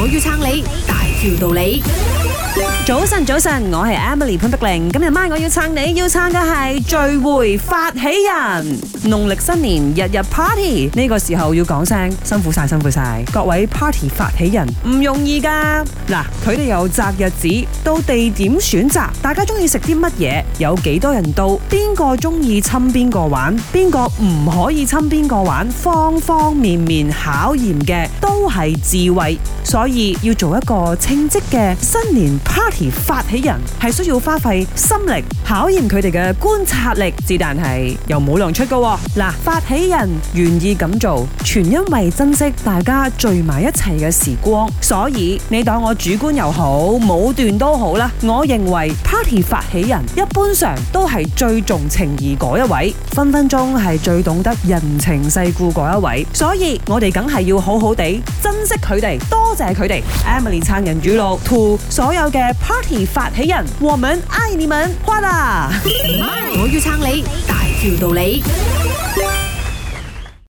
我要撐你。條道理，早晨早晨，我係 Emily 潘碧玲。今日晚我要撐你，要撐嘅係聚會發起人。農曆新年日日 party，呢個時候要講聲辛苦晒，辛苦晒，各位 party 發起人唔容易噶。嗱，佢哋由擇日子到地點選擇，大家中意食啲乜嘢，有幾多人到，邊個中意親邊個玩，邊個唔可以親邊個玩，方方面面考驗嘅都係智慧，所以要做一個。稱職嘅新年 party 發起人係需要花費心力，考驗佢哋嘅觀察力。之但係又冇糧出㗎。嗱，發起人願意咁做，全因為珍惜大家聚埋一齊嘅時光。所以你當我主觀又好，武斷都好啦。我認為 party 發起人一般上都係最重情義嗰一位，分分鐘係最懂得人情世故嗰一位。所以我哋梗係要好好地珍惜佢哋，多謝佢哋。Emily 撐人。主宙，to 所有嘅 party 發起人，我們愛你們，花啦！我要撐你，你大條道理。